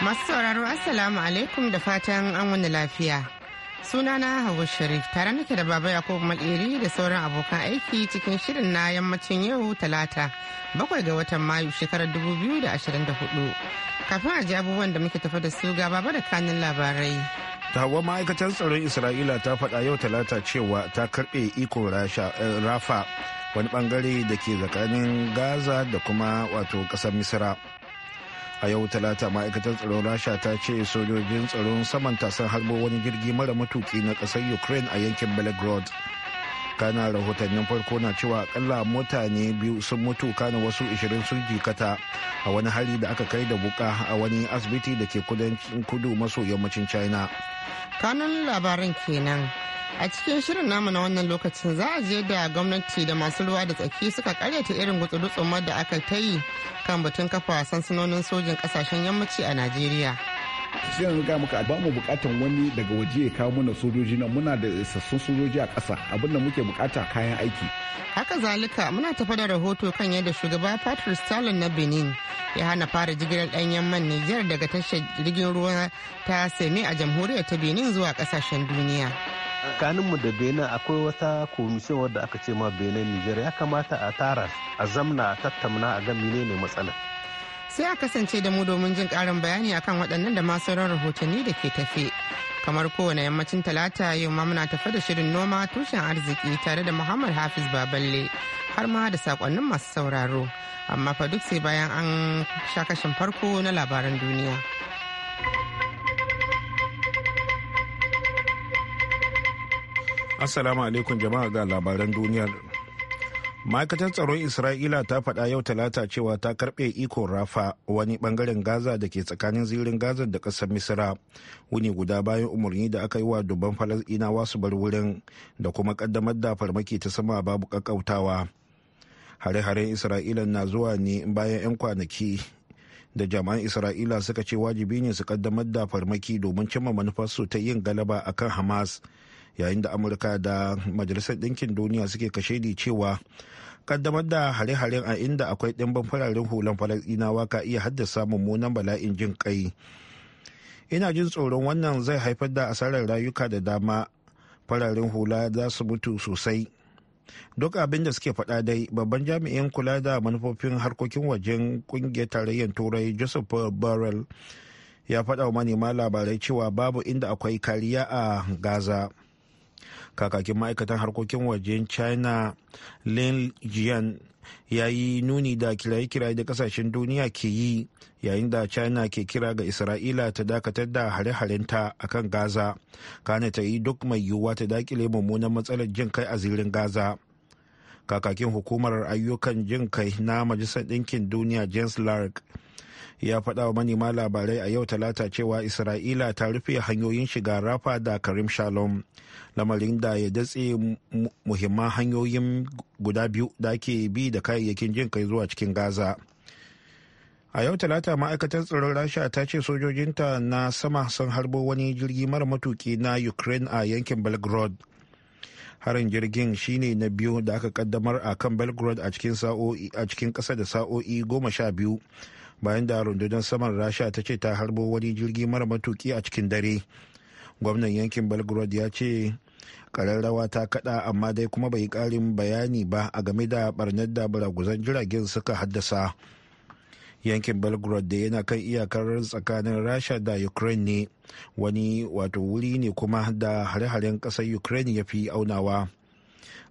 Masu sauraro Assalamu alaikum da fatan an wani lafiya. Sunana Hawa Sharif tare nake da Baba Yakubu Mal'iri da sauran abokan aiki cikin shirin na yammacin yau Talata bakwai ga watan Mayu shekarar da da ashirin hudu Kafin a ji abubuwan da muke tafa da su ga Baba da kanin labarai. Tawa ma'aikatan tsaron Isra'ila ta faɗa yau Talata cewa ta karɓe iko eh, Rafa wani bangare da ke tsakanin Gaza da kuma wato ƙasar Misira. a yau talata ma'aikatar tsaron rasha ta ce sojojin tsaron saman sun harbo wani jirgi mara matuki na ƙasar ukraine a yankin belgrade kana rahotannin farko na cewa akalla mutane biyu sun mutu kana wasu 20 sun jikata a wani hari da aka kai da buka a wani asibiti da ke kudu maso yammacin china kanun labarin kenan a cikin shirin namu na wannan lokacin za a je da gwamnati da masu ruwa da tsaki suka karyata irin gutsurutsumar da aka ta yi kan batun kafa sansanonin sojin kasashen yammaci a najeriya sai yanzu ga muka ba mu bukatan wani daga waje ya kawo mana sojoji nan muna da isassun sojoji a ƙasa abinda muke bukata kayan aiki haka zalika muna tafa da rahoto kan yadda shugaba patrick stalin na benin ya hana fara jigilar ɗanyen man nijar daga tashar jirgin ruwa ta same a jamhuriyar ta benin zuwa ƙasashen duniya mu da benin akwai wata komishin wadda aka ce ma benin niger ya kamata a tara a zamna a tattamna a ga ne matsalar sai a kasance da mu domin jin karin bayani akan waɗannan da masu ran rahotanni da ke tafe kamar kowane yammacin talata yau ma muna tafe da shirin noma tushen arziki tare da muhammad hafiz baballe har ma da sakonnin masu sauraro amma fa duk sai bayan an sha kashin farko na labaran duniya. Assalamu alaikum jama'a ga labaran duniyar. Ma'aikatar tsaron Isra'ila ta faɗa yau talata cewa ta karɓe ikon Rafa wani bangaren Gaza da ke tsakanin zirin Gaza da ƙasar Misira wuni guda bayan umarni da aka yi wa dubban Falasɗinawa su bar wurin da kuma ƙaddamar da farmaki ta sama babu ƙaƙƙautawa. Hare-haren Isra'ila na zuwa ne bayan 'yan kwanaki da jama'an isra'ila suka ce wajibi ne su kaddamar da farmaki domin cimma manufarsu ta yin galaba akan hamas yayin da amurka da majalisar ɗinkin duniya suke kashe kashedi cewa kaddamar da hare-haren a inda akwai ɗimbin fararen hulan falasɗinawa ka iya haddasa mummunan bala'in jin kai ina jin tsoron wannan zai haifar da asarar rayuka da dama fararen hula za su mutu sosai duk abin da suke faɗa dai babban jami'in kula da manufofin harkokin wajen kungiyar tarayyar turai joseph burrell ya faɗa wa manema labarai cewa babu inda akwai kariya a gaza kakakin ma'aikatan harkokin wajen china lin jian ya yi nuni da kiraye-kiraye da kasashen duniya ke yi yayin da china ke kira ga isra'ila ta dakatar da hare-harenta a kan gaza kana ta yi duk mai yiwuwa ta dakile mummunan matsalar jin kai a zirin gaza kakakin hukumar ayyukan jin kai na majalisar ɗinkin duniya james lark ya faɗa wa manema labarai a yau talata cewa isra'ila ta rufe hanyoyin shiga rafa da karim shalom lamarin da ya datse muhimman hanyoyin guda biyu da ake bi da kayayyakin jin kai zuwa cikin gaza a yau talata ma'aikatar tsaron rasha ta ce sojojinta na sama sun harbo wani jirgi mara matuki na ukraine a yankin belgrade harin jirgin shine na biyu da aka kaddamar a kan belgrade a cikin ƙasa da sa'o'i goma sha biyu bayan da rundunar saman rasha ta ce ta harbo wani jirgi mara matuki a cikin dare gwamnan yankin belgrade ya ce kararrawa ta kada amma dai kuma bai karin bayani ba a game da barnar da buraguzan jiragen suka haddasa yankin belgrade da yana kan iyakar tsakanin rasha da ukraine ne wani wato wuri ne kuma da hare-haren ƙasar ukraine ya fi aunawa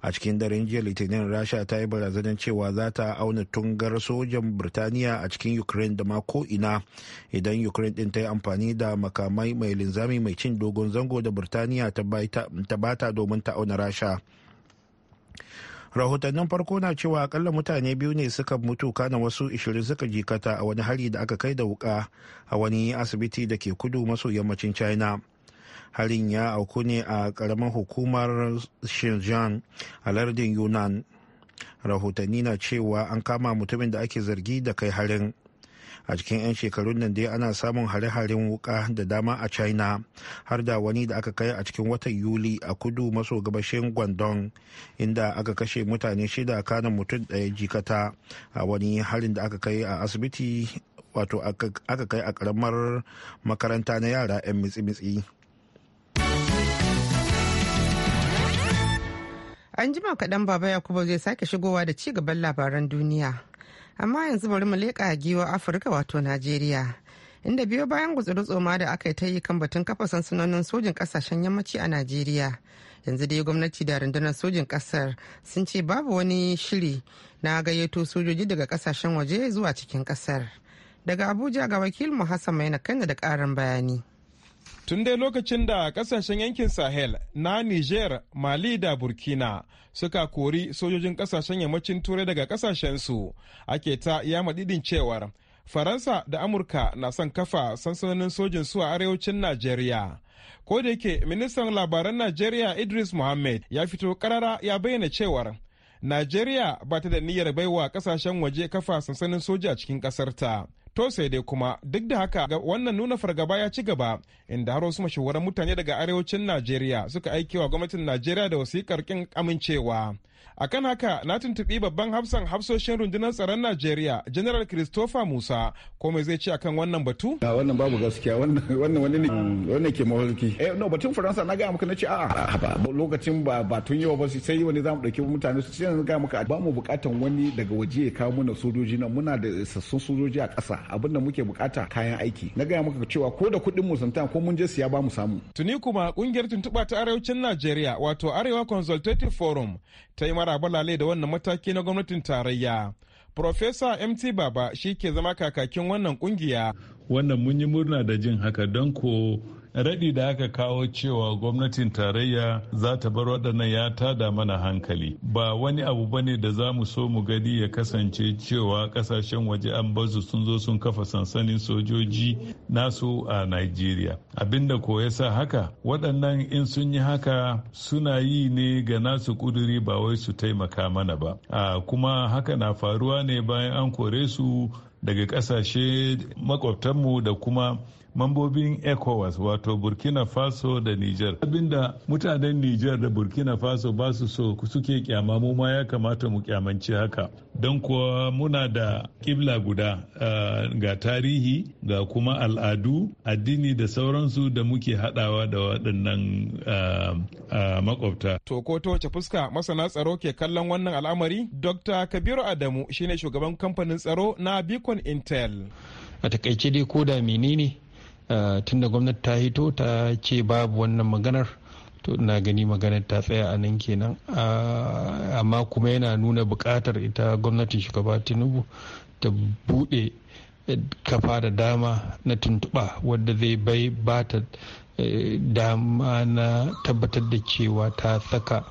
a cikin daren jiya litinin rasha ta yi barazanar cewa za ta auna tungar sojan birtaniya a cikin ukraine da ma ina idan ukraine din ta yi amfani da makamai mai linzami mai cin dogon zango da birtaniya ta bata domin ta auna rasha rahotannin farko na cewa akalla mutane biyu ne suka mutu kana wasu 20 suka jikata a wani hari da aka kai da wuka a wani asibiti da ke kudu maso yammacin china harin ya auku ne a karamar hukumar Xinjiang a lardin Yunnan. Rahotanni na cewa an kama mutumin da ake zargi da kai harin. a cikin 'yan shekarun nan dai ana samun hare-haren wuka da dama a china har da wani da aka kai a cikin watan yuli a kudu maso gabashin guangdong inda aka kashe mutane shida a kanan mutum ɗaya jikata a wani harin da aka kai a asibiti wato aka kai a karamar makaranta na yara 'yan mitsi-mitsi An jima kaɗan Baba Yakubu zai sake shigowa da ci gaban labaran duniya. Amma yanzu bari mu leƙa giwa Afirka wato Najeriya. Inda biyo bayan gutsuru tsoma da aka yi ta yi kan batun kafa sansanonin sojin ƙasashen yammaci a Najeriya. Yanzu dai gwamnati da rundunar sojin ƙasar sun ce babu wani shiri na gayyato sojoji daga ƙasashen waje zuwa cikin ƙasar. Daga Abuja ga wakil Hassan Maina Kanda da ƙarin bayani. Tun dai lokacin da kasashen yankin Sahel na Niger, Mali da Burkina suka kori sojojin kasashen yammacin Turai daga su ake ta yama didin cewar Faransa da Amurka na son kafa sansanonin sojin su a arewacin Najeriya. Ko da yake ministan labaran Najeriya Idris Mohammed ya fito karara ya bayyana cewar Najeriya ba ta da niyyar baiwa kasashen waje kafa sansanin soja a cikin ƙasarta. To sai dai kuma duk da haka wannan nuna fargaba ya ci gaba inda har wasu mashawaran mutane daga arewacin Najeriya suka aiki wa gwamnatin Najeriya da wasikar kin amincewa. Akan haka na tuntuɓi babban hafsan hafsoshin rundunar tsaron Najeriya General Christopher Musa ko mai zai ce akan wannan batu? a wannan babu gaskiya wannan wani ne wannan ke mawalki Eh no batun Faransa na gaya maka na ce a'a ba lokacin ba batun yawa ba sai wani zamu dauki mutane su ce na gaya maka ba mu bukatan wani daga waje ya kawo mana sojoji nan muna da sassun sojoji a ƙasa abin da muke bukata kayan aiki na gaya maka cewa ko da kuɗin mu santan ko mun je siya ba mu samu tuni kuma kungiyar tuntuɓa ta arewacin najeriya wato arewa consultative forum ta yi maraba lale da wannan mataki na gwamnatin tarayya Profesa MT Baba shi ke zama kakakin wannan kungiya. Wannan mun yi murna da jin haka don ko raɗi da aka kawo cewa gwamnatin tarayya za ta bar waɗannan ya tada mana hankali ba wani abu ba ne da za mu so mu gani ya kasance cewa ƙasashen waje an bazu sun zo sun kafa sansanin sojoji nasu a nigeria abinda ko ya sa haka waɗannan in sun yi haka suna yi ne ga nasu ƙuduri ba wai su taimaka mana ba kuma haka na faruwa ne bayan an kore su daga ƙasashe makwabtanmu da kuma mambobin ecowas wato burkina faso da niger abinda mutanen niger da burkina faso ba su so suke kyama mu ma ya kamata mu kyamanci haka don kuwa muna da kibla guda ga tarihi ga kuma al'adu addini da sauransu da muke hadawa da waɗannan uh, makwabta to ko ta wace fuska masana tsaro ke kallon wannan al'amari dr kabiru adamu shine shugaban kamfanin tsaro na beacon intel a takaice dai ko da menene Eh, tunda gwamnati ta hito ta ce babu wannan maganar to ina gani maganar ta tsaya a nan kenan ah, amma kuma yana nuna bukatar ita gwamnatin shugaba tinubu ta buɗe eh, kafa da dama na tuntuba wadda zai bai ba ta eh, dama na tabbatar da cewa ta saka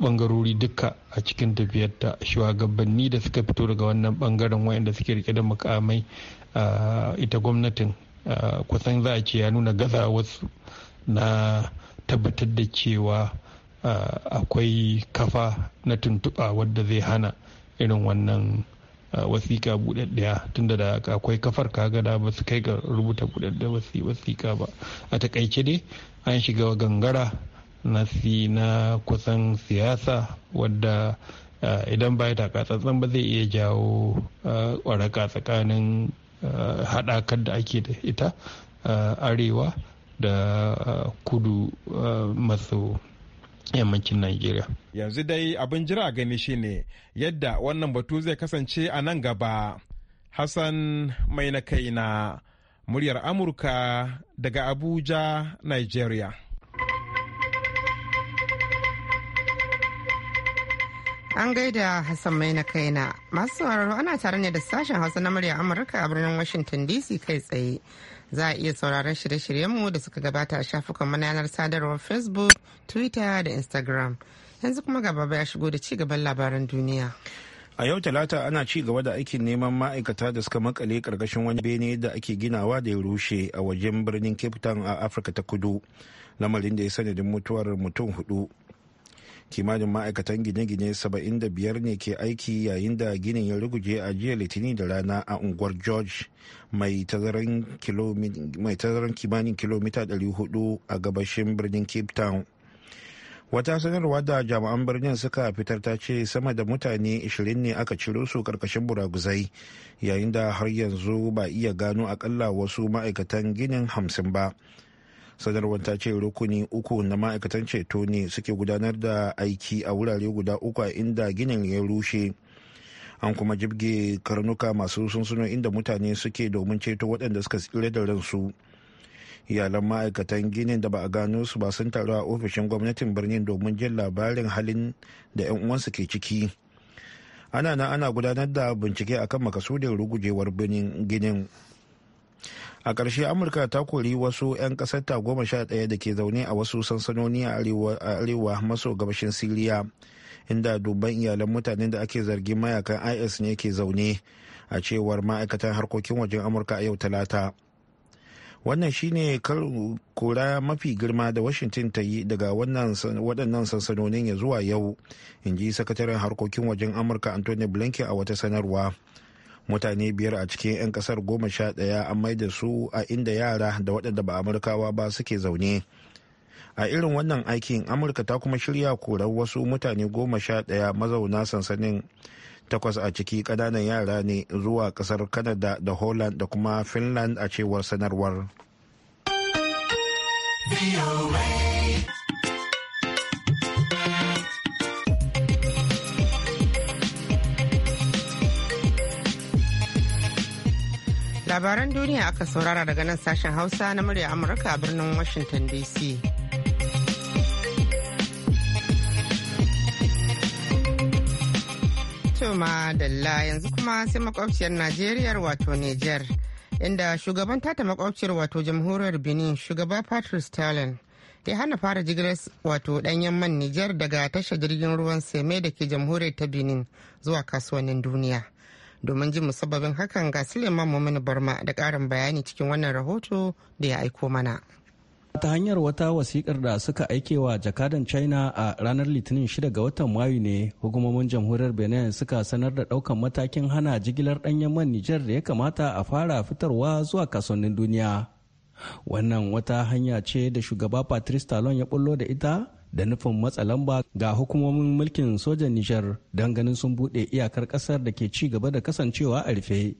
bangarori ah, duka a cikin tafiyarta shugabanni da suka fito daga wannan bangaren wayanda suke rike da mukamai ah, ita gwamnatin Eh, kusan za a ce ya nuna gaza wasu na tabbatar da cewa eh, akwai kafa na tuntuɓa wadda zai hana irin wannan eh, wasiƙa buɗaɗɗiya tunda da akwai kafar kaga da ba su kai ga rubuta buɗaɗɗiya wasiƙa ba a takaice dai an shiga gangara na na kusan siyasa wadda idan ba ya taka ba zai iya jawo ƙwaraka tsakanin Eh, haɗakar da ake da ita eh, arewa da eh, kudu maso yammacin Najeriya. Yanzu dai abin jira gani shine yadda wannan batu zai kasance a nan gaba. Hassan mai na kai na muryar Amurka daga Abuja, Nigeria. An gaida Hassan mai na kaina. Masu sauraro ana tare ne da sashen Hausa na murya Amurka a birnin Washington DC kai tsaye. Za a iya sauraron shirye-shiryenmu da suka gabata a shafukan yanar sadarwar Facebook, Twitter da Instagram. Yanzu kuma gaba ya shigo da ci gaban labaran duniya. A yau talata ana ci gaba da aikin neman ma'aikata da suka makale karkashin wani bene da ake ginawa da ya rushe a wajen birnin Cape Town a Afirka ta kudu. Lamarin da ya sanadin mutuwar mutum hudu. kimanin ma'aikatan gine-gine 75 ne ke aiki yayin da ginin ya ruguje a jiya litinin da rana a unguwar george mai tazaran kimanin kilomita 400 a gabashin birnin cape town wata sanarwa da jami'an birnin suka fitar ta ce sama da mutane 20 ne aka ciro su karkashin buraguzai yayin da har yanzu ba iya gano akalla wasu ma'aikatan ginin 50 ba sanarwar ta ce rukuni uku na ma'aikatan ceto ne suke gudanar da aiki a wurare guda uku a inda ginin ya rushe an kuma jibge karnuka masu sunsuno inda mutane suke domin ceto waɗanda suka tsire da ransu iyalan ma'aikatan ginin da ba a gano su ba sun taru a ofishin gwamnatin birnin domin jin labarin halin da 'yan uwansu ke ciki ana na ana gudanar da bincike akan makasudin rugujewar birnin ginin a ƙarshe amurka ta kori wasu 'yan ƙasar goma sha ɗaya da ke zaune a wasu sansanoni a arewa maso gabashin siriya inda dubban iyalan mutanen da ake zargin mayakan is ne ke zaune a cewar ma'aikatan harkokin wajen amurka a yau talata wannan shine kura mafi girma da washington ta yi daga waɗannan sansanonin ya zuwa yau in ji sakataren harkokin wajen amurka anthony blinken a wata sanarwa mutane biyar a cikin 'yan kasar goma sha ɗaya an maida su a inda yara da waɗanda ba amurkawa ba suke zaune a irin wannan aikin amurka ta kuma shirya korar wasu mutane goma sha ɗaya mazauna sansanin takwas a ciki ƙananan yara ne zuwa ƙasar kanada da holland da kuma finland a cewar sanarwar. labaran duniya aka saurara daga nan sashen hausa na murya amurka a birnin washington dc toma Dalla yanzu kuma sai makwabciyar Najeriya wato Niger inda shugaban tata makwabciyar wato jamhuriyar Benin shugaba Patrice Talon ya hana fara jigilar wato danyen man Niger daga tashar jirgin ruwan Seme da ke jamhuriyar ta Benin zuwa kasuwannin duniya. domin jin musabbabin hakan ga suleiman mumin barma da karin bayani cikin wannan rahoto da ya aiko mana ta hanyar wata wasikar da suka aikewa wa jakadan china a ranar litinin 6 ga watan mayu ne hukumomin jamhuriyar benin suka sanar da daukan matakin hana jigilar danyen man nijar da ya kamata a fara fitarwa zuwa kasuwannin duniya wannan wata hanya ce da shugaba patrice talon ya bullo da ita da nufin matsa lamba ga hukumomin mulkin sojan Nijar don ganin sun buɗe iyakar ƙasar da ke ci gaba da kasancewa a rufe.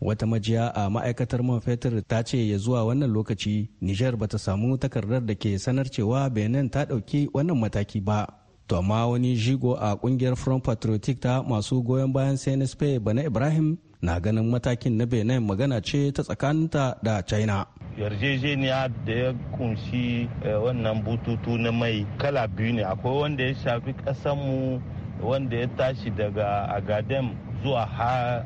Wata majiya a ma'aikatar man fetur ta ce ya zuwa wannan lokaci Nijar bata samu takardar da ke sanar cewa Benin ta ɗauki wannan mataki ba. To amma wani jigo a kungiyar Front Patriotic ta masu goyon bayan CNSP Bana Ibrahim na ganin matakin na Benin magana ce ta tsakaninta da China. yarjejeniya da ya kunshi eh, wannan bututu na mai kala biyu ne akwai wanda ya shafi kasanmu wanda ya tashi daga agadem zuwa ha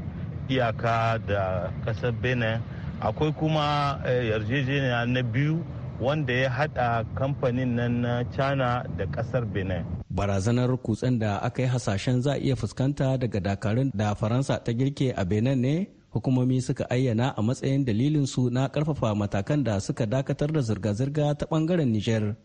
iyaka da kasar benin akwai kuma eh, yarjejeniya na biyu wanda ya hada kamfanin nan na china da kasar benin barazanar kutsen da aka yi hasashen za a iya fuskanta daga dakarun da faransa ta girke a benin ne hukumomi suka ayyana a matsayin dalilin su na karfafa matakan da suka dakatar da zirga-zirga ta bangaren Nijar.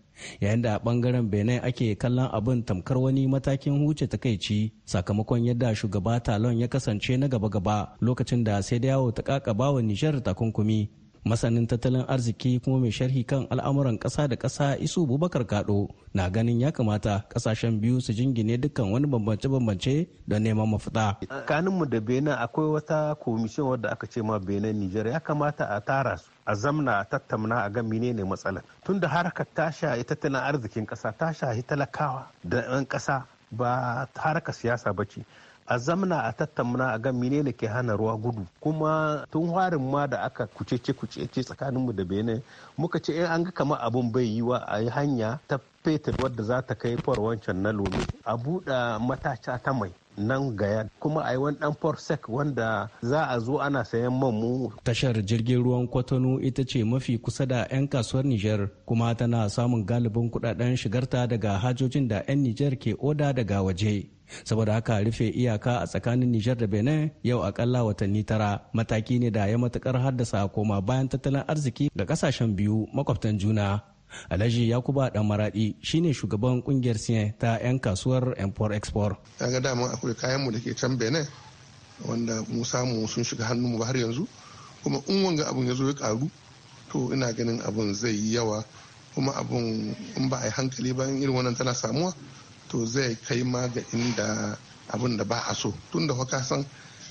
Yayin da bangaren Benin ake kallon abin tamkar wani matakin huce takaici sakamakon yadda shugaba Talon ya kasance na gaba-gaba lokacin da sai da yawo ta kakaba wa Nijar takunkumi masanin tattalin arziki kuma mai sharhi kan al'amuran ƙasa da kasa isu bubakar kado na ganin ya kamata ƙasashen biyu su jingine dukkan wani bambance-bambance don neman mafita kaninmu da benin akwai wata komishin wadda aka ce ma benin nijar ya kamata a tara su a zamna a tattauna a ga ne matsalar tunda harkar ta shahi tattalin arzikin ƙasa ta shahi talakawa da 'yan kasa ba harkar siyasa ba ce a zamna a tattauna a ga menene ke hana ruwa gudu kuma tun harin ma da aka kucece kucece tsakaninmu da benin muka ce an ga kamar abun bai yiwa a yi hanya ta fetur wadda za ta kai wancan na lomi a buɗe matacha ta mai nan gaya kuma a yi wani dan sec wanda za a zo ana sayan man mu. Tashar jirgin ruwan Kwatano ita ce mafi kusa da 'yan kasuwar niger kuma tana samun galibin kudaden shigarta daga hajojin da 'yan niger ke oda daga waje. saboda haka rufe iyaka a tsakanin nijar da benin yau akalla watanni tara mataki ne da ya matukar haddasa koma bayan tattalin arziki ga kasashen biyu makwabtan juna alhaji yakuba dan maradi shine shugaban kungiyar siyan ta 'yan kasuwar import export da dama akwai kayan mu da ke can benin wanda mu samu sun shiga hannunmu har yanzu kuma in wanga abun ya zo ya karu to ina ganin abun zai yi yawa kuma abun in ba a yi hankali bayan irin wannan tana samuwa to zai kai ma ga inda abin da ba a so tun da haka san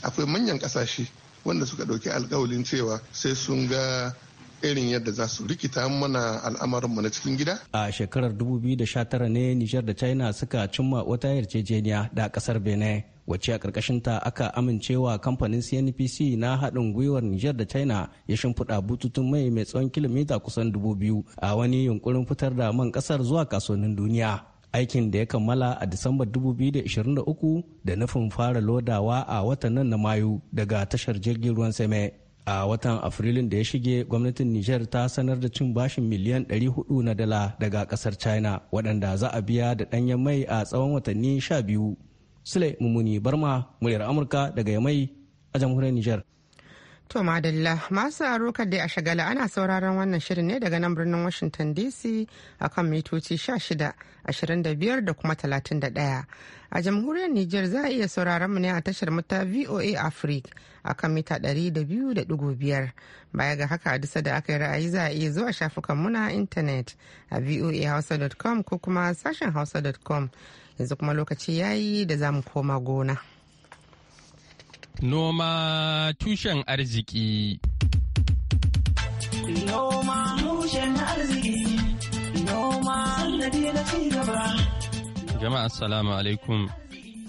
akwai manyan kasashe wanda suka ɗauki alkawalin cewa sai sun ga irin yadda za su rikita mana al'amarinmu na cikin gida. A shekarar 2019 ne Nijar da China suka cimma wata yarjejeniya da kasar Benin. wacce a ta? aka amincewa kamfanin cnpc na haɗin gwiwar nijar da china ya shimfiɗa bututun mai mai tsawon kilomita kusan 2000 a wani yunkurin fitar da man ƙasar zuwa kasuwannin duniya aikin da ya kammala a Disambar 2023 da nufin fara lodawa a watan nan na Mayu daga tashar jirgin ruwan Seme. A watan Afrilun da ya shige gwamnatin Nijar ta sanar da cin bashin miliyan 400 na dala daga kasar China waɗanda za a biya da ɗanyen mai a tsawon watanni 12. Sule Mumuni Barma, muryar Amurka daga Yamai a jamhuriyar Nijar. To madalla masu arokar dai a shagala ana sauraron wannan shirin ne daga nan birnin Washington DC a kan mitoci 16,25 da kuma 31. A jamhuriyar Nijar za a iya sauraron mu ne a tashar mata VOA Africa a kan mita 200.5. Baya ga haka a dusa da aka yi ra'ayi za a iya zuwa shafukan muna intanet a voahausa.com ko kuma sashen hausa.com yanzu kuma lokaci yayi da za mu koma gona. Noma tushen arziki. Noma tushen arziki. Noma na Jama'a assalamu alaikum.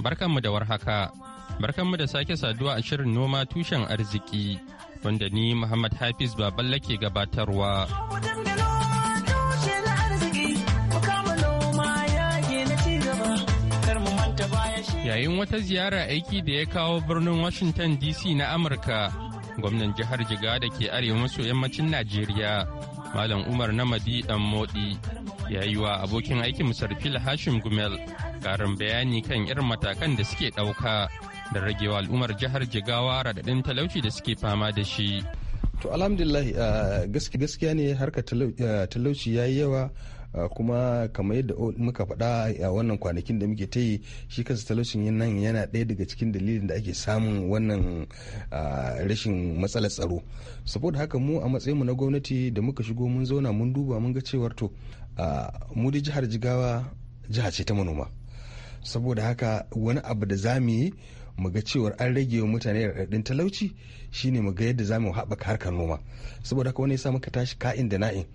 Barkanmu da warhaka. Barkanmu da sake saduwa a shirin noma tushen arziki wanda ni Muhammad Hafiz baballe ke gabatarwa. yayin wata ziyara aiki da ya kawo birnin washington dc na amurka gwamnan jihar Jigawa da ke arewa maso yammacin najeriya malam umar namadi dan Modi ya yi wa abokin aikin sarfil hashim gumel karin bayani kan irin matakan da suke ɗauka da ragewa al'ummar jihar jigawa raɗaɗin talauci da suke fama da shi to alhamdulillah ah, gaskiya ne harka ah, talauci ya yi yawa Ah, kuma kamar yadda muka faɗa a wannan kwanakin da muke ta yi shi kansa talaucin nan yana ɗaya daga cikin dalilin da ake samun wannan ah, rashin matsalar tsaro saboda haka mu a matsayinmu na gwamnati da muka shigo mun zauna mun duba mun ga cewar to ah, mu da jihar jigawa jiha ce ta manoma saboda haka wani abu da za mu yi mu ga cewar an rage wa mutane raɗaɗin talauci shine mu ga yadda za mu haɓaka harkar noma saboda haka wani ya sa muka tashi ka'in da na'in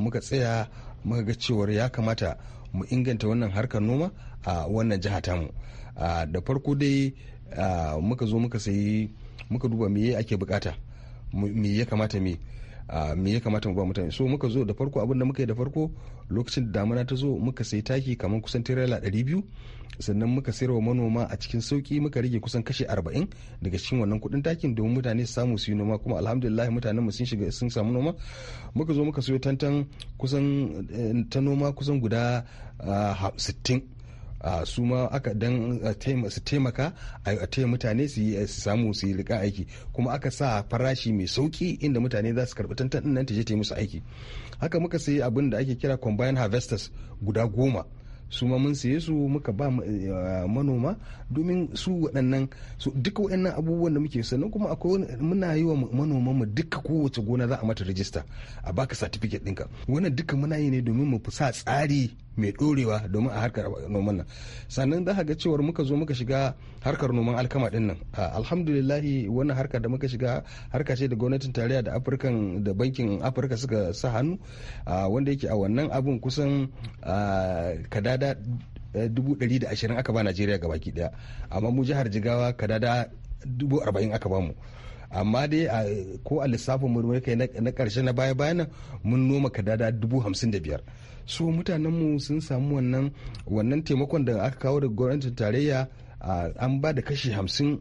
muka tsaya muka ga cewar ya kamata mu inganta wannan harkar noma a wannan jiha tamu da farko dai muka zo muka sayi muka duba me ake bukata me ya kamata me me ya kamata mu ba mutane so muka zo da farko abin da muka yi da farko lokacin da damana ta zo muka sai taki kamar kusan tirela 200 sannan muka sayarwa manoma a cikin sauki muka rage kusan kashe 40 daga cikin wannan kuɗin takin domin mutane su samu su yi noma kuma alhamdulillah mutanen mu sun shiga sun samu noma muka zo muka sayo tantan kusan eh, ta noma kusan guda 60 ah, su ma aka dan su taimaka a taya mutane su samu su yi rika aiki kuma aka sa farashi mai sauki inda mutane za su karɓi tantan nan ta je ta musu aiki haka muka sayi abin da ake kira combined harvesters guda goma su ma mun saye su muka ba manoma domin su waɗannan su duka waɗannan abubuwan da muke sannan kuma akwai muna yi wa manoman mu duka kowace gona za a mata rijista a baka satifiket ɗinka wannan duka muna yi ne domin mu fi sa tsari mai dorewa domin a harkar noman nan sannan za ga cewar muka zo muka shiga harkar noman alkama din nan alhamdulillahi wannan harkar da muka shiga harka ce da gwamnatin tarayya da afirkan da bankin afirka suka sa hannu wanda yake a wannan abun kusan kadada eh, dubu da ashirin aka ba najeriya baki daya amma mu jihar jigawa kadada dubu arba'in aka bamu amma dai ko a lissafin murmurka na karshe na baya bayan mun noma kadada dubu hamsin da biyar su mutanenmu sun samu wannan wannan taimakon da aka kawo daga gwamnatin tarayya an ba da kashi hamsin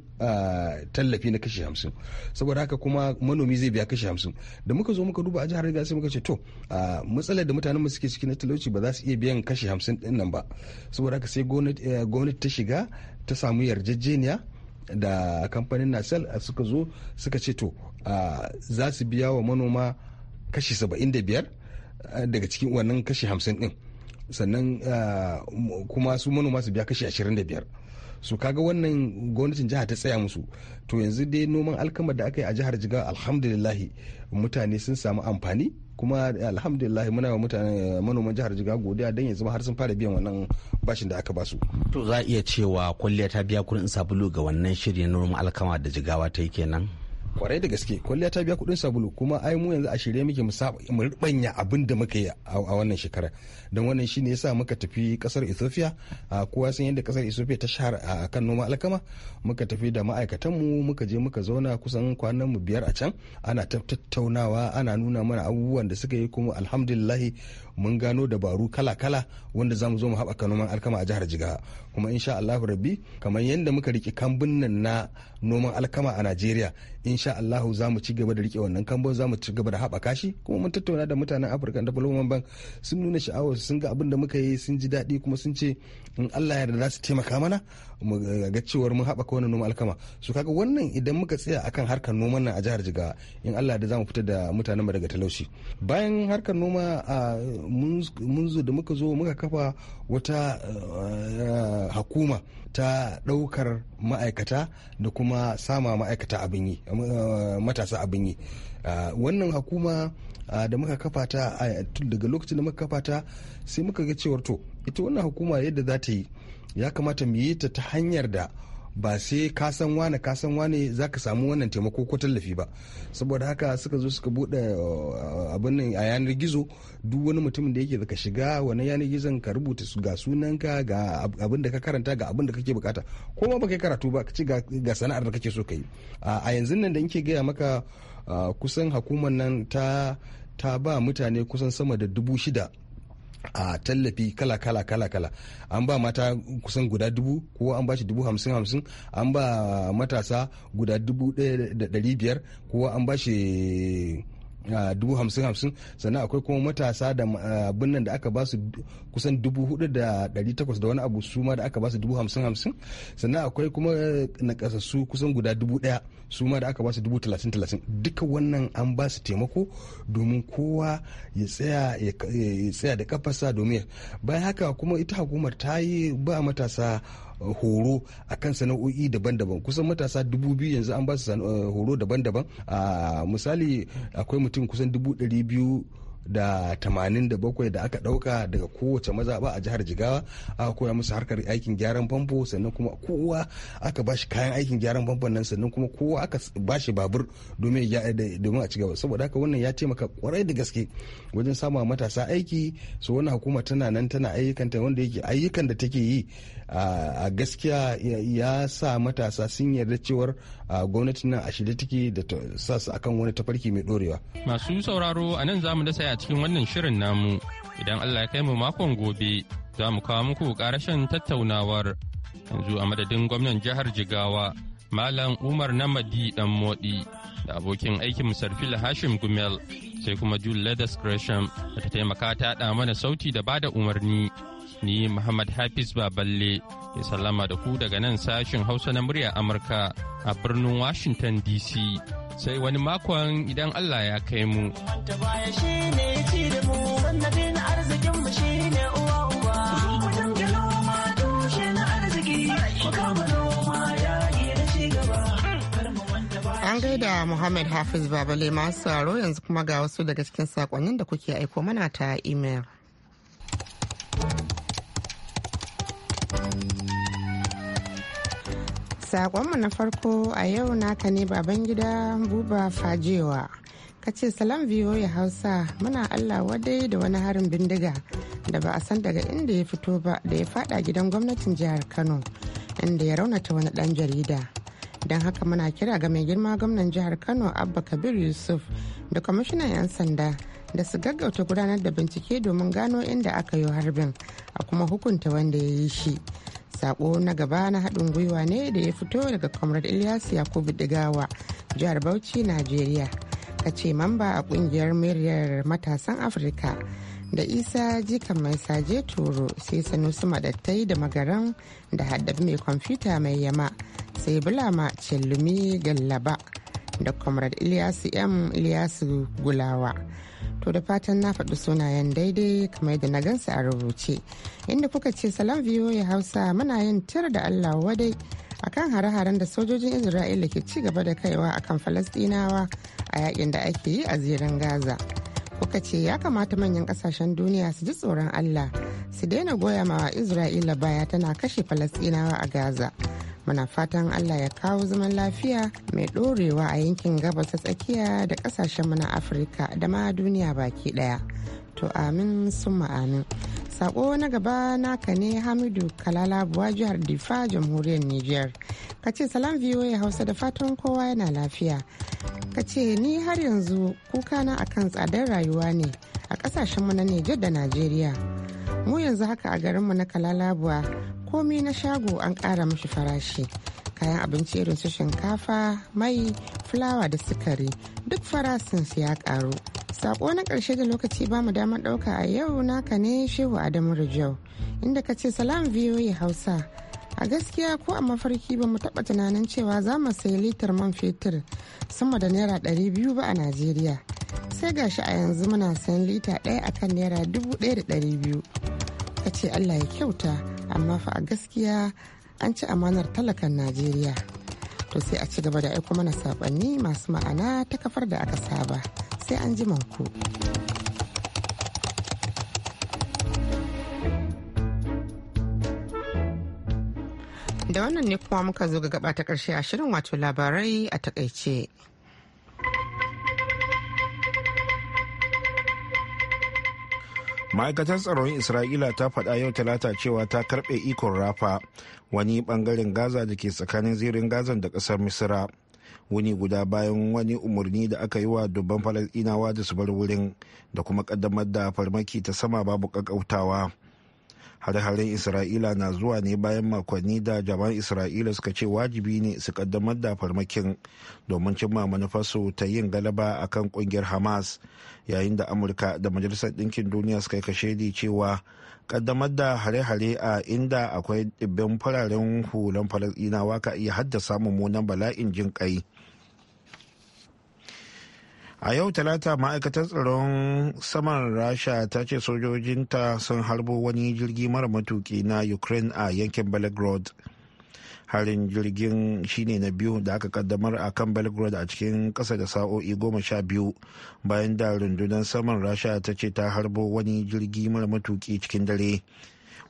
tallafi na kashi hamsin saboda haka kuma manomi zai biya kashi hamsin da muka zo muka duba a jihar sai muka ce to matsalar da mutanen suke ciki na talauci ba za su iya biyan kashi hamsin din nan ba saboda haka sai eh, gwamnati ta shiga ta samu yarjejeniya da kamfanin nasal suka zo suka ce to za su biya wa manoma kashi saba'in da biyar daga cikin wannan kashi hamsin din sannan ah, kuma su manoma su biya kashi ashirin da biyar su kaga wannan gwamnatin jiha ta tsaya musu to yanzu dai noman alkama da aka yi a jihar jigawa alhamdulillah mutane sun samu amfani kuma alhamdulillah muna wa mutane manoman jihar jigawa godiya dan yanzu har sun fara biyan wannan bashin da aka ba su. to za a iya cewa kwalliya ta biya kudin sabulu ga wannan shirin noman alkama da jigawa ta yi kenan kwarai da gaske kwalliya ta biya kuɗin sabulu kuma ai mu yanzu a shirye muke mu rubanya abin da muka yi a wannan shekara don wannan shine yasa muka tafi kasar Ethiopia kowa san yadda kasar Ethiopia ta shahara a kan noma alkama muka tafi da ma'aikatan mu muka je muka zauna kusan kwanan mu biyar a can ana tattaunawa ana nuna mana abubuwan da suka yi kuma alhamdulillahi mun gano dabaru kala-kala wanda zamu zo mu haɓaka noman alkama a jihar jigawa kuma insha Allah rabbi kamar yadda muka rike kambun nan na noman alkama a najeriya insha Allah za mu ci gaba da rike wannan kambun za mu ci gaba da haɓaka shi kuma mun tattauna da mutanen afirka development bank sun nuna sha'awar sun ga abin da muka yi sun ji daɗi kuma sun ce in allah yarda su taimaka mana mu ga cewar mun haɓaka wannan noman alkama su kaga wannan idan muka tsaya akan harkar noman nan a jihar jigawa in allah da zamu fita fitar da mutanenmu daga talauci bayan harkar noma a zo da muka zo muka kafa wata eh, hakuma ta ɗaukar ma'aikata da kuma sama ma'aikata abin yi eh, matasa abin yi eh, wannan hakuma da muka kafa ta daga lokacin da muka kafa ta sai muka ga cewar to ita wannan hakuma yadda za ta yi ya kamata mu yi ta ta hanyar da ba sai ka san wane ka san wane za ka samu wannan taimako ko tallafi ba saboda haka suka zo suka bude uh, abin nan a yanar gizo duk wani mutumin da yake ka shiga wani yanar gizon ka rubuta ga sunanka ga abin da ka karanta ga abin da kake bukata ko ma baka karatu ba ka ci ga sana'ar da kake so ka yi a yanzu nan da nke gaya maka uh, kusan hukumar nan ta ta ba mutane kusan sama da dubu shida a tallafi kala kala kala kala an ba mata kusan guda dubu ko an ba shi dubu hamsin hamsin an ba matasa guda dubu ɗaya da ɗari biyar ko an ba shi dubu hamsin hamsin sannan akwai kuma matasa da abin nan da aka ba su kusan dubu hudu da dari takwas da wani abu su ma da aka ba su dubu hamsin hamsin sannan akwai kuma na e, nakasassu kusan guda dubu daya su ma da aka ba su dubu talatin talatin duka wannan an ba su taimako domin kowa ya tsaya ya tsaya da kafarsa domin bayan haka kuma ita hukumar ta yi ba matasa horo akan sana'o'i daban-daban kusan matasa dubu biyu yanzu an ba su eh, horo daban-daban a ah, misali akwai mutum kusan dubu ɗari biyu da tamanin da bakwai da aka dauka daga kowace mazaba a jihar jigawa aka koya musu harkar aikin gyaran famfo sannan kuma kowa aka bashi kayan aikin gyaran famfon nan sannan kuma kowa aka bashi babur domin a cigaba saboda haka wannan ya taimaka kwarai da gaske wajen samun matasa aiki su wannan hukuma tana nan tana ayyukanta wanda yake ayyukan da take yi a gaskiya ya sa matasa sun yarda cewar gwamnatin nan a shirye take da sa su akan wani tafarki mai ɗorewa. masu sauraro a nan zamu dasa a cikin wannan shirin namu idan Allah ya kai mu makon gobe za mu kawo muku karashen tattaunawar yanzu a madadin gwamnan jihar Jigawa Malam Umar Namadi dan Modi da abokin aikin Sarfil Hashim Gumel sai kuma Jule Discretion da ta taimaka ta mana sauti da bada umarni ni Muhammad Hafiz Baballe ke sallama da ku daga nan sashin Hausa na murya Amurka a birnin Washington DC. Sai wani makon idan Allah ya kai mu. An gaida Muhammad Hafiz Babale masu tsaro yanzu kuma ga wasu daga cikin sakonnin da kuke aiko mana ta imel. Sakonmu na farko a yau naka ne baban gida buba fajewa. ka ce salam ya hausa muna allah wadai da wani harin bindiga da ba a san daga inda ya fito ba da ya fada gidan gwamnatin jihar kano inda ya raunata wani dan jarida don haka muna kira ga mai girma gwamnan jihar kano abba kabir yusuf da kwamishinan 'yan sanda da su gaggauta gudanar da bincike domin gano inda aka yi harbin a kuma hukunta wanda ya yi shi sako na gaba na haɗin gwiwa ne da ya fito daga comrade ilyas yakubu digawa jihar bauchi nigeria ka ce mamba a ƙungiyar muryar matasan afirka da isa jikan mai saje turo sai sanusi madattai da magaran da haddabi mai kwamfuta mai yama sai bulama cellumi gallaba da comrade ilyasu m ilyasu gulawa to da fatan na faɗi sunayen daidai kamar yadda na gansu a rubuce inda kuka ce salam ya hausa muna yin tir da allah wadai akan hare-haren da sojojin isra'ila ke ci gaba da kaiwa akan falastinawa a yakin da ake yi a zirin gaza kuka ce ya kamata manyan kasashen duniya su ji tsoron allah su daina goya ma isra'ila baya tana kashe falastinawa a gaza muna fatan allah ya kawo zaman lafiya mai ɗorewa a yankin gabas ta tsakiya da ƙasashen mana afirka da ma duniya baki ɗaya to amin sun amin sako na gaba naka ne hamidu kalalabuwa jihar difa jamhuriyar niger ka ce salam ya hausa da fatan kowa yana lafiya ka ce ni har yanzu kukana kan tsadar rayuwa ne a mu na niger da najeriya mu yanzu haka a garinmu na kalalabuwa komi na shago an ƙara mashi farashi kayan abinci irin su shinkafa mai fulawa da sukari duk farasinsu su ya ƙaru sako na ƙarshe da lokaci ba mu damar ɗauka a yau naka ne shehu adamu rijau inda ka ce salam ya hausa a gaskiya ko a mafarki ba mu taɓa tunanin cewa za mu sayi litar man fetur sama da naira ɗari biyu ba a najeriya sai gashi a yanzu muna sayan lita ɗaya akan naira dubu ɗaya da biyu. ka ce allah ya kyauta amma fa a gaskiya an ci amanar talakan najeriya to sai a ci gaba da aiko mana saƙonni masu ma'ana ta kafar da aka saba sai an ji manku da wannan ne kuma muka zo ga gaba ta ƙarshe a shirin wato labarai a takaice. ma'aikatar tsaron isra'ila ta faɗa yau talata cewa ta karɓe ikon rafa wani bangaren gaza da ke tsakanin zirin gazan da ƙasar misira wuni guda bayan wani umarni da aka yi wa dubban falasɗinawa da su bar wurin da kuma ƙaddamar da farmaki ta sama babu ƙaƙƙautawa hare-haren isra'ila na zuwa ne bayan makonni da jama'an isra'ila suka ce wajibi ne su kaddamar da farmakin domin cimma manufarsu ta yin galaba a kan kungiyar hamas yayin da amurka da majalisar ɗinkin duniya suka yi kashedi cewa kaddamar da hare-hare a inda akwai ɗibbin fararen hulan falasɗinawa ka iya haddasa mummunan bala'in jin kai a yau talata ma'aikatar tsaron saman rasha ta ce sojojinta sun harbo wani jirgi mara matuki na ukraine a yankin belgrade harin jirgin shine na biyu da aka kaddamar a kan belgrade a cikin kasa da sa'o'i goma sha biyu bayan da rundunar saman rasha ta ce ta harbo wani jirgi mara matuki cikin dare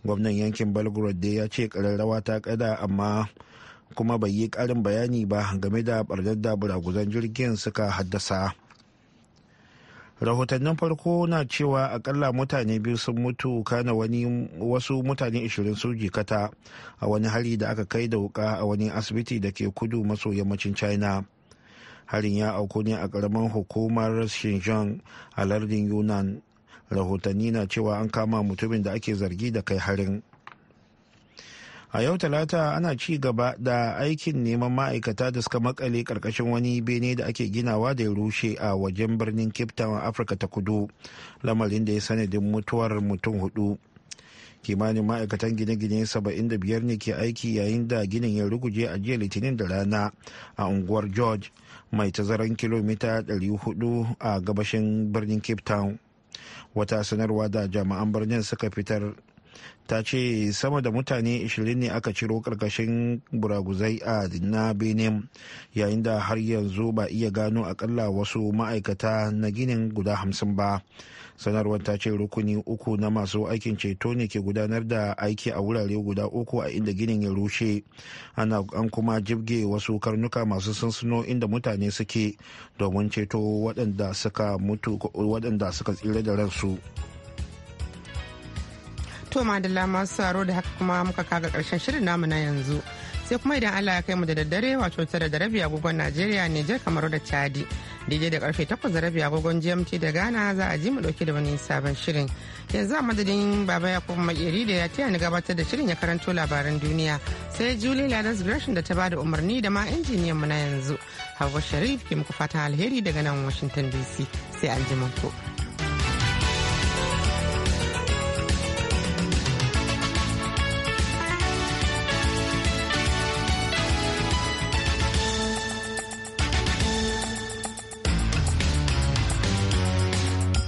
gwamnan yankin belgrade da ya ce ƙararrawa ta ƙada amma kuma bai yi ƙarin bayani ba game da barnar da buraguzan jirgin suka haddasa rahotannin farko na cewa akalla mutane biyu sun mutu kana wani wasu mutane 20 sun jikata a wani hari da aka kai da wuka a wani asibiti da ke kudu maso yammacin china harin ya auku ne a karamin hukumar xinjiang a lardin yunan rahotanni na cewa an kama mutumin da ake zargi da kai harin a yau talata ana ci gaba da aikin neman ma'aikata da suka makale karkashin wani bene da ake ginawa da ya rushe a wajen birnin cape town afirka ta kudu lamarin da ya sanadin mutuwar mutum hudu kimanin ma'aikatan gine-gine 75 ne ke aiki yayin da ginin ya ruguje a jiya litinin da rana a unguwar george mai tazaran kilomita 400 a gabashin birnin cape town wata sanarwa da jami'an birnin suka fitar ta ce sama da mutane 20 ne aka ciro karkashin buraguzai a na benin yayin da har yanzu ba iya gano akalla wasu ma'aikata na ginin guda 50 ba sanarwar ta ce rukuni uku na masu aikin ceto ne ke gudanar da aiki a wurare guda uku a inda ginin ya rushe ana an kuma jibge wasu karnuka masu sunsuno inda mutane suke domin ceto waɗanda suka mutu waɗanda suka tsira da ransu. To madalla masu saro da haka kuma muka kaga karshen shirin namu na yanzu. Sai kuma idan Allah ya kai mu da daddare wato tara da rabi agogon Najeriya Nijar Kamaru da Chadi. Daidai da karfe takwas da rabi agogon GMT da Ghana za a ji mu dauke da wani sabon shirin. Yanzu a madadin Baba kuma Makeri da ya taya ni gabatar da shirin ya karanto labaran duniya. Sai Julie Ladas Gresham da ta bada umarni da ma injiniyan mu na yanzu. Hawwa Sharif ke muku fatan alheri daga nan Washington DC. Sai an ku.